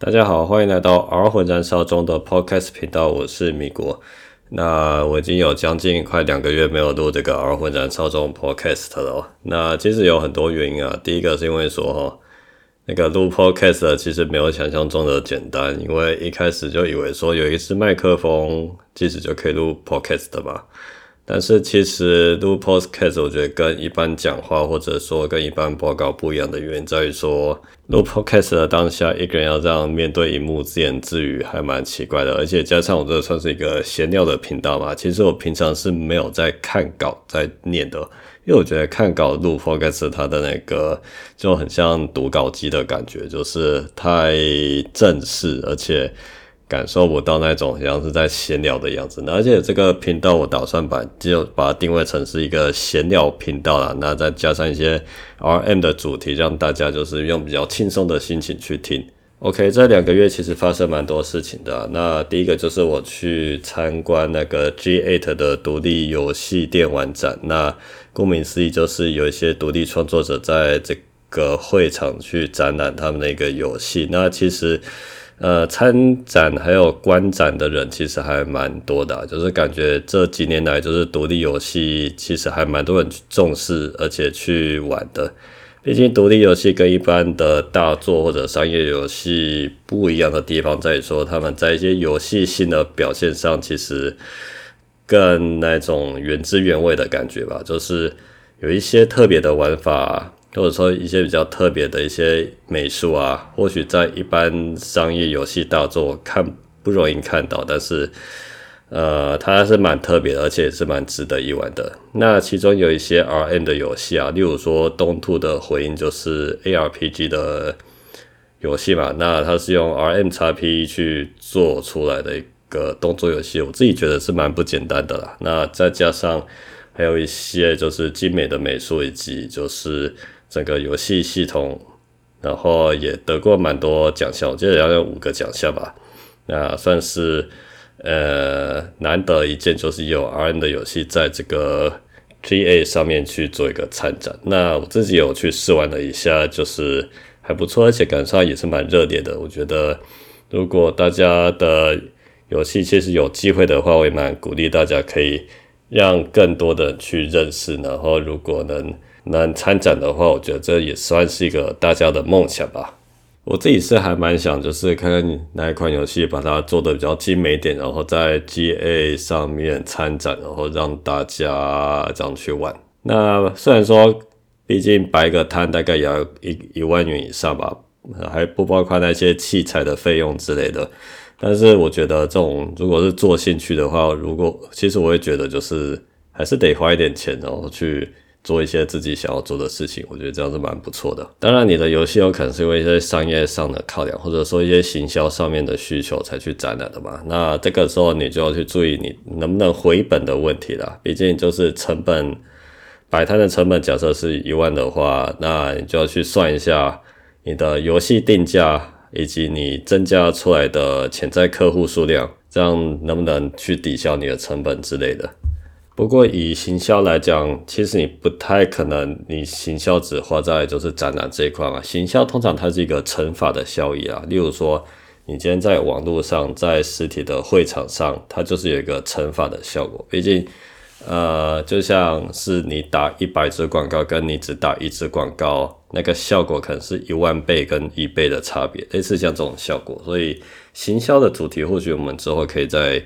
大家好，歡迎來到《RM 魂燃燒中的 Podcast 頻道》，我是米果。那我已經有將近快兩個月沒有錄這個《RM 魂燃燒中 Podcast 了。那其實有很多原因啊，第一個是因為說那個錄 podcast 其實沒有想象中的簡單，因為一開始就以為說有一支麥克風即使就可以錄 podcast 的嘛。但是其實錄 podcast 我覺得跟一般講話或者說跟一般報告不一樣的原因在於、就是、說錄 podcast 的當下，一個人要這樣面對熒幕自言自語還蠻奇怪的。而且加上我這算是一個閒聊的頻道嘛，其實我平常是沒有在看稿在念的。因為我覺得看稿錄 podcast 它的那個就很像讀稿機的感覺，就是太正式，而且感受不到那種像是在閒聊的樣子的。而且這個頻道我打算把就把它定位成是一個閒聊頻道了，那再加上一些 RM 的主題，讓大家就是用比較輕鬆的心情去聽。OK，這兩個月其實發生蠻多事情的啊。那第一個就是我去參觀那個 G8 的獨立遊戲電玩展，那。顧名思義，就是有一些獨立創作者在這個會場去展覽他們的一個遊戲。那其實，呃，參展還有觀展的人其實還蠻多的啊，就是感覺這幾年來，就是獨立遊戲其實還蠻多人去重視，而且去玩的。畢竟獨立遊戲跟一般的大作或者商業遊戲不一樣的地方，在於說他們在一些遊戲性的表現上，其實。更那種原汁原味的感覺吧，就是有一些特別的玩法啊，或者說一些比較特別的一些美術啊，或許在一般商業遊戲大作看不容易看到，但是呃，它是蠻特別的，而且也是蠻值得一玩的。那其中有一些 RM 的遊戲啊，例如說東兔的回音就是 ARPG 的遊戲嘛，那它是用 RMXP 去做出來的。個動作遊戲，我自己覺得是蠻不簡單的啦。那再加上還有一些就是精美的美術，以及就是整個遊戲系統，然後也得過蠻多獎項，我記得要有五個獎項吧。那算是呃難得一見，就是有 RM 的遊戲在這個 GA 上面去做一個參展。那我自己有去試玩了一下，就是還不錯，而且感受上也是蠻熱烈的。我覺得如果大家的遊戲其實有機會的話，我也蠻鼓勵大家可以讓更多的人去認識，然後如果能能參展的話，我覺得這也算是一個大家的夢想吧。我自己是還蠻想，就是看看哪一款遊戲把它做得比較精美一點，然後在 GA 上面參展，然後讓大家這樣去玩。那雖然說，畢竟擺個攤大概也要一一萬元以上吧，還不包括那些器材的費用之類的。但是我覺得，這種如果是做興趣的話，如果其實我會覺得，就是還是得花一點錢哦，然後去做一些自己想要做的事情。我覺得這樣是蠻不錯的。當然，你的遊戲有可能是因為一些商業上的考量，或者說一些行銷上面的需求才去展覽的嘛。那這個時候你就要去注意，你能不能回本的問題了。畢竟就是成本，擺攤的成本假設是一萬的話，那你就要去算一下你的遊戲定價。以及你增加出來的潛在客戶數量，這樣能不能去抵消你的成本之類的？不過以行銷來講，其實你不太可能，你行銷只花在就是展覽這一塊啊，行銷通常它是一個乘法的效益啊，例如說你今天在網絡上，在實體的會場上，它就是有一個乘法的效果。畢竟，呃，就像是你打一百支廣告，跟你只打一支廣告。那個效果可能是一萬倍跟一倍的差別，類似像這種效果，所以行銷的主題或許我們之後可以再，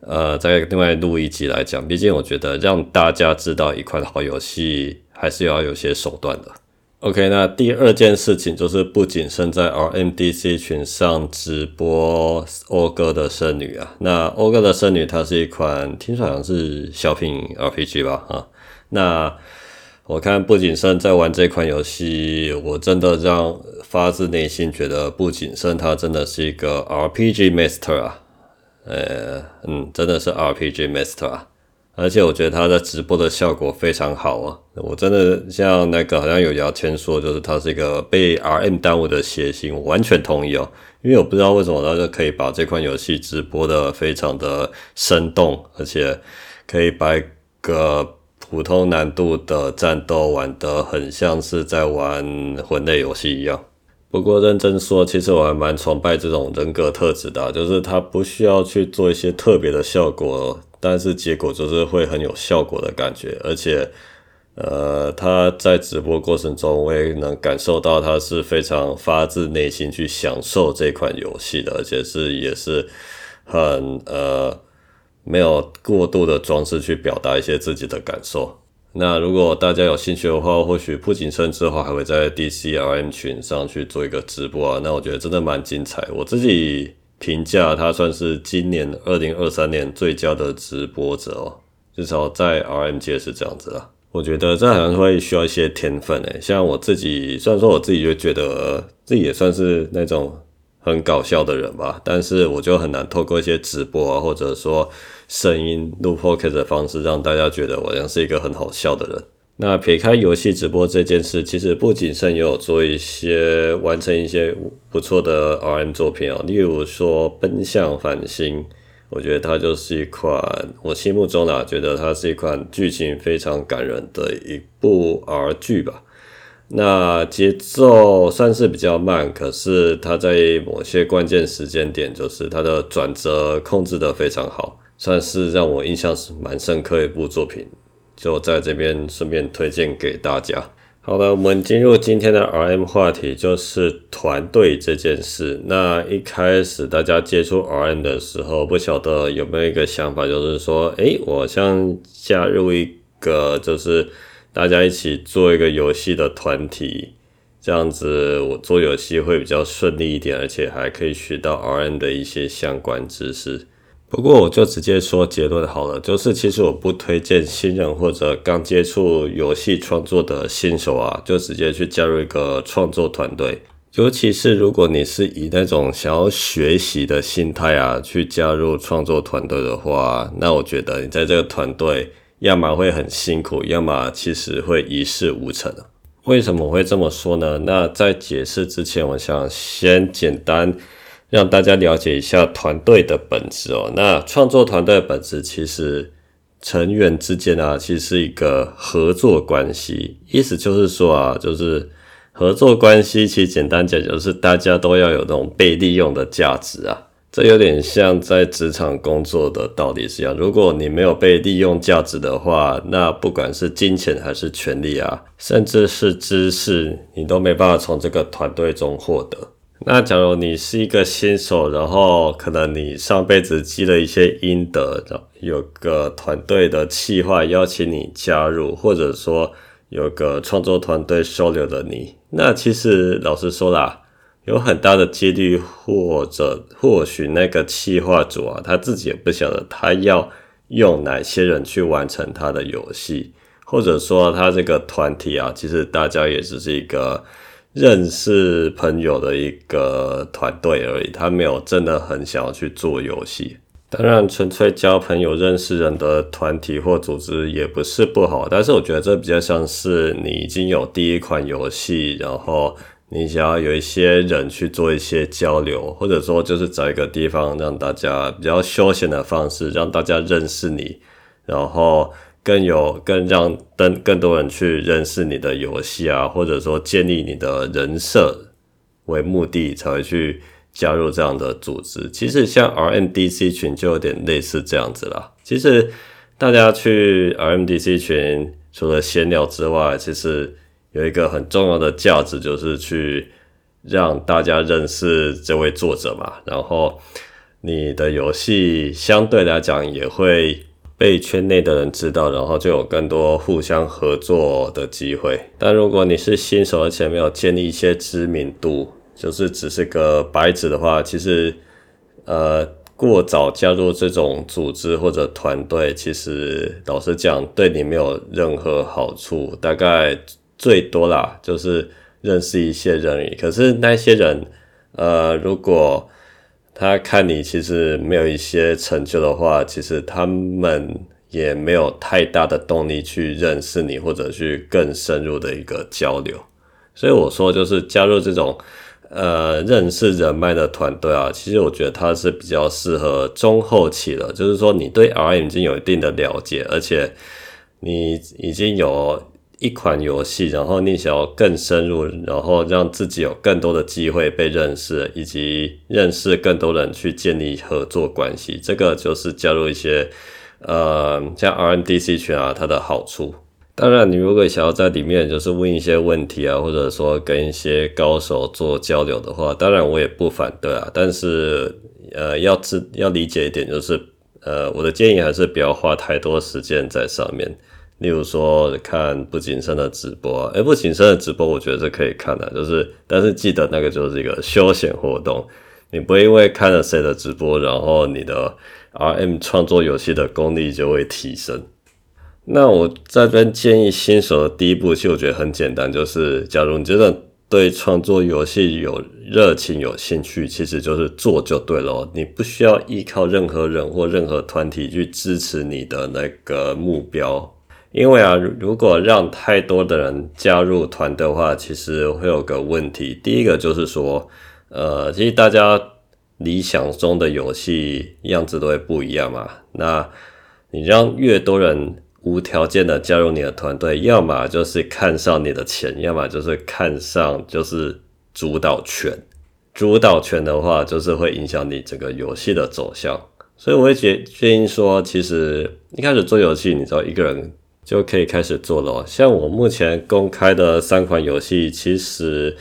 呃，再另外錄一集來講。畢竟我覺得讓大家知道一款好遊戲，還是要有些手段的。OK，那第二件事情就是不僅身在 RMDC 群上直播謳歌的聖女啊，那謳歌的聖女它是一款聽起來好像是小品 RPG 吧啊，那。我看不謹慎在玩這款遊戲，我真的讓發自內心覺得不謹慎，他真的是一個 RPG master 啊，呃、哎，嗯，真的是 RPG master 啊，而且我覺得他在直播的效果非常好啊，我真的像那個好像有聊天說，就是他是一個被 RM 耽誤的諧星，我完全同意哦，因為我不知道為什麼他就可以把這款遊戲直播的非常的生動，而且可以把個。普通難度的戰鬥玩得很像是在玩魂類遊戲一樣。不過認真說，其實我還蠻崇拜這種人格特質的啊，就是他不需要去做一些特別的效果，但是結果就是會很有效果的感覺。而且，呃，他在直播過程中我也能感受到，他是非常發自內心去享受這款遊戲的，而且是也是很，呃，沒有過度的裝飾去表達一些自己的感受。那如果大家有興趣的話，或許不僅深之後還會在 D C R M 群上去做一個直播啊。那我覺得真的蠻精彩。我自己評價他算是今年二零二三年最佳的直播者哦，至少在 R M 界是這樣子啊，我覺得這好像會需要一些天分誒、欸。像我自己，雖然說我自己就覺得自己也算是那種。很搞笑的人吧，但是我就很難透過一些直播啊，或者說聲音錄 podcast 的方式，讓大家覺得我像是一個很好笑的人。那撇開遊戲直播這件事，其實不僅剩有做一些完成一些不錯的 R M 作品啊、哦，例如說《奔向繁星》，我覺得它就是一款我心目中呢，覺得它是一款劇情非常感人的一部 R 劇吧。那節奏算是比較慢，可是它在某些關鍵時間點，就是它的轉折控制得非常好，算是讓我印象是蠻深刻的一部作品，就在這邊順便推薦給大家。好了，我們進入今天的 RM 話題，就是團隊這件事。那一開始大家接觸 RM 的時候，不曉得有沒有一個想法，就是說，誒、欸，我想加入一個，就是。大家一起做一個遊戲的團體，這樣子我做遊戲會比較順利一點，而且還可以學到 RM 的一些相關知識。不過我就直接說結論好了，就是其實我不推薦新人或者剛接觸遊戲創作的新手啊，就直接去加入一個創作團隊。尤其是如果你是以那種想要學習的心態啊，去加入創作團隊的話，那我覺得你在這個團隊。要麼會很辛苦，要麼其實會一事無成。為什麼會這麼說呢？那在解釋之前，我想先簡單讓大家了解一下團隊的本質哦。那創作團隊的本質，其實成員之間啊，其實是一個合作關係。意思就是說啊，就是合作關係，其實簡單講就是大家都要有那種被利用的價值啊。這有點像在職場工作的道理是一樣，如果你沒有被利用價值的話，那不管是金錢還是權力啊，甚至是知識，你都沒辦法從這個團隊中獲得。那假如你是一個新手，然後可能你上輩子積了一些陰德，有個團隊的企劃邀請你加入，或者說有個創作團隊收留了你，那其實老實說啦。有很大的幾率，或者或許那個企劃組啊，他自己也不曉得他要用哪些人去完成他的遊戲，或者說他這個團體啊，其實大家也只是一個認識朋友的一個團隊而已，他沒有真的很想要去做遊戲。當然，純粹交朋友、認識人的團體或組織也不是不好，但是我覺得這比較像是你已經有第一款遊戲，然後，你想要有一些人去做一些交流，或者說就是找一個地方讓大家比較休閒的方式，讓大家認識你，然後更有更讓更更多人去認識你的遊戲啊，或者說建立你的人設為目的，才會去加入這樣的組織。其實像 RMDC 群就有點類似這樣子啦，其實大家去 RMDC 群除了閒聊之外，其實。有一個很重要的價值，就是去讓大家認識這位作者嘛。然後你的遊戲相對來講也會被圈內的人知道，然後就有更多互相合作的機會。但如果你是新手而且沒有建立一些知名度，就是只是個白紙的話，其實呃過早加入這種組織或者團隊，其實老實講對你沒有任何好處。大概。最多啦，就是認識一些人而已，可是那些人，呃，如果他看你其實沒有一些成就的話，其實他們也沒有太大的動力去認識你，或者去更深入的一個交流。所以我說，就是加入這種呃認識人脈的團隊啊，其實我覺得他是比較適合中後期的。就是說，你對 RM 已經有一定的了解，而且你已經有。一款遊戲，然後你想要更深入，然後讓自己有更多的機會被認識，以及認識更多人去建立合作關係，這個就是加入一些呃像 RMDC 群啊，它的好處。當然，你如果想要在裡面就是問一些問題啊，或者說跟一些高手做交流的話，當然我也不反對啊。但是呃，要知要理解一點就是，呃，我的建議還是不要花太多時間在上面。例如說看不謹慎的直播、啊，哎，不謹慎的直播，我覺得是可以看的，就是但是記得那個就是一個休閒活動，你不會因為看了誰的直播，然後你的 RM 創作遊戲的功力就會提升。那我在這邊建議新手的第一步，其實我覺得很簡單，就是假如你真的對創作遊戲有熱情、有興趣，其實就是做就對了，你不需要依靠任何人或任何團體去支持你的那個目標。因為啊，如果讓太多的人加入團的話，其實會有個問題。第一個就是說，呃，其實大家理想中的遊戲樣子都會不一樣嘛。那你讓越多人無條件的加入你的團隊，要麼就是看上你的錢，要麼就是看上就是主導權。主導權的話，就是會影響你整個遊戲的走向。所以我會覺，建議說，其實一開始做遊戲，你知道一個人。就可以開始做了。像我目前公開的三款遊戲，其實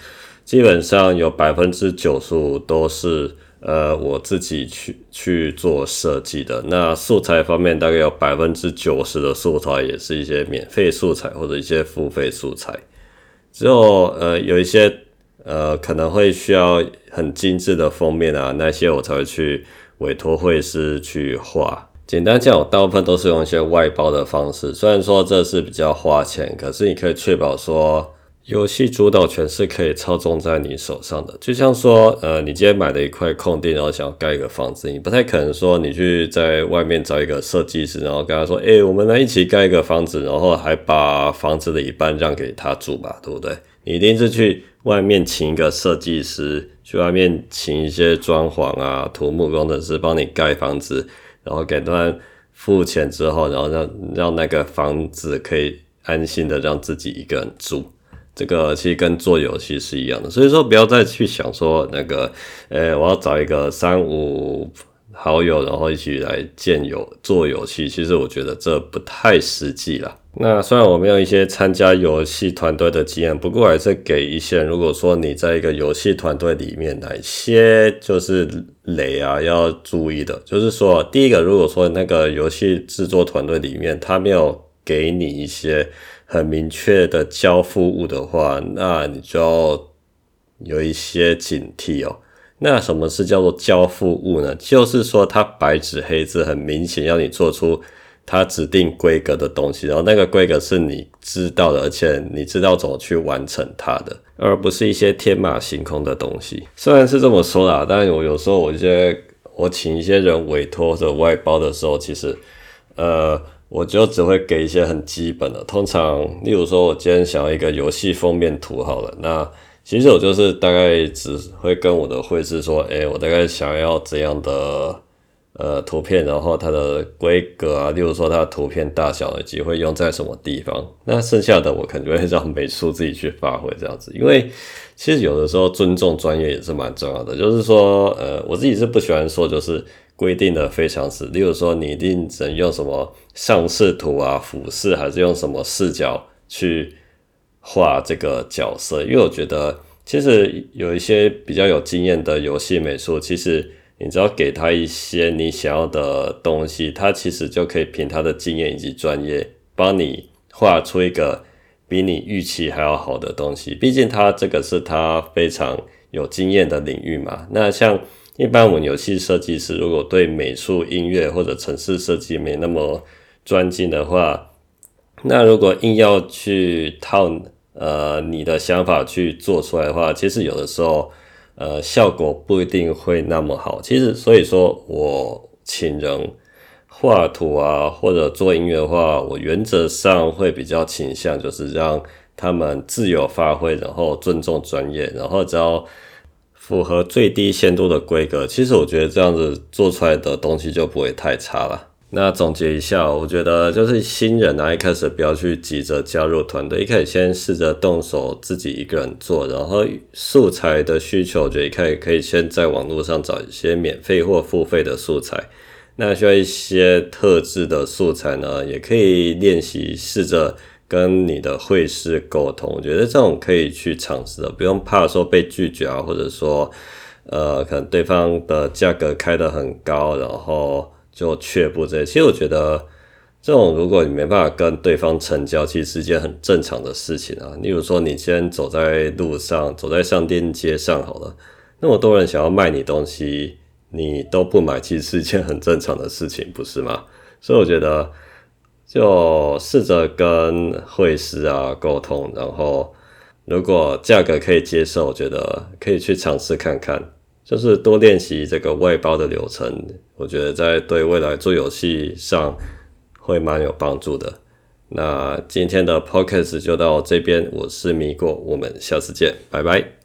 基本上有百分之九十五都是呃我自己去去做設計的。那素材方面，大概有百分之九十的素材也是一些免費素材或者一些付費素材，之後呃有一些呃可能會需要很精緻的封面啊，那些我才會去委托繪師去畫。簡單講，大部分都是用一些外包的方式。雖然說這是比較花錢，可是你可以確保說，遊戲主導權是可以操縱在你手上的。就像說，呃，你今天買了一塊空地，然後想要蓋一個房子，你不太可能說你去在外面找一個設計師，然後跟他說，哎、欸，我們來一起蓋一個房子，然後還把房子的一半讓給他住吧，對不對？你一定是去外面請一個設計師，去外面請一些裝潢啊、土木工程師幫你蓋房子。然後給他付錢之後，然後讓讓那個房子可以安心的讓自己一個人住。這個其實跟做遊戲是一樣的，所以說不要再去想說那個，誒我要找一個三五好友，然後一起來建遊做遊戲。其實我覺得這不太實際啦。那雖然我沒有一些參加遊戲團隊的經驗，不過還是給一些，如果說你在一個遊戲團隊裡面，哪些就是雷啊要注意的，就是說，第一個，如果說那個遊戲制作團隊裡面他沒有給你一些很明確的交付物的話，那你就要有一些警惕哦。那什麼是叫做交付物呢？就是說，他白紙黑字很明顯要你做出。它指定規格的東西，然後那個規格是你知道的，而且你知道怎麼去完成它的，而不是一些天馬行空的東西。雖然是這麼說啦，但我有時候，我一些我請一些人委託或者外包的時候，其實，呃，我就只會給一些很基本的。通常，例如說，我今天想要一個遊戲封面圖，好了，那其實我就是大概只會跟我的繪師說，誒、欸，我大概想要怎樣的。呃，圖片，然後它的規格啊，例如說它圖片大小，以及會用在什麼地方。那剩下的我可能會讓美術自己去發揮這樣子，因為其實有的時候尊重專業也是蠻重要的。就是說，呃，我自己是不喜歡說就是規定的非常死，例如說你一定只能用什麼上視圖啊、俯視，還是用什麼視角去畫這個角色。因為我覺得，其實有一些比較有經驗的遊戲美術，其實。你只要給他一些你想要的東西，他其實就可以憑他的經驗以及專業，幫你畫出一個比你預期還要好的東西。畢竟他這個是他非常有經驗的領域嘛。那像一般我們遊戲設計師，如果對美術、音樂或者程式設計沒那麼專精的話，那如果硬要去套呃你的想法去做出來的話，其實有的時候。呃，效果不一定會那麼好。其實，所以說我請人畫圖啊，或者做音樂的話，我原則上會比較傾向，就是讓他們自由發揮，然後尊重專業，然後只要符合最低限度的規格。其實我覺得這樣子做出來的東西就不會太差了。那總結一下，我覺得就是新人啊，一開始不要去急着加入團隊，一開始先試着動手自己一個人做。然後素材的需求，我覺得一開始可以先在網絡上找一些免費或付費的素材。那需要一些特制的素材呢，也可以練習試着跟你的繪師溝通。我覺得這種可以去嘗試的，不用怕說被拒絕啊，或者說呃，可能對方的價格開得很高，然後。就卻步這些，其實我覺得這種，如果你沒辦法跟對方成交，其實是一件很正常的事情啊。例如說，你今天走在路上，走在商店街上，好了，那麼多人想要賣你東西，你都不買，其實是一件很正常的事情，不是嗎？所以我覺得，就試着跟會師啊溝通，然後如果價格可以接受，我覺得可以去嘗試看看。就是多練習這個外包的流程，我覺得在對未來做遊戲上會蠻有幫助的。那今天的 podcast 就到這邊，我是米果，我們下次見，拜拜。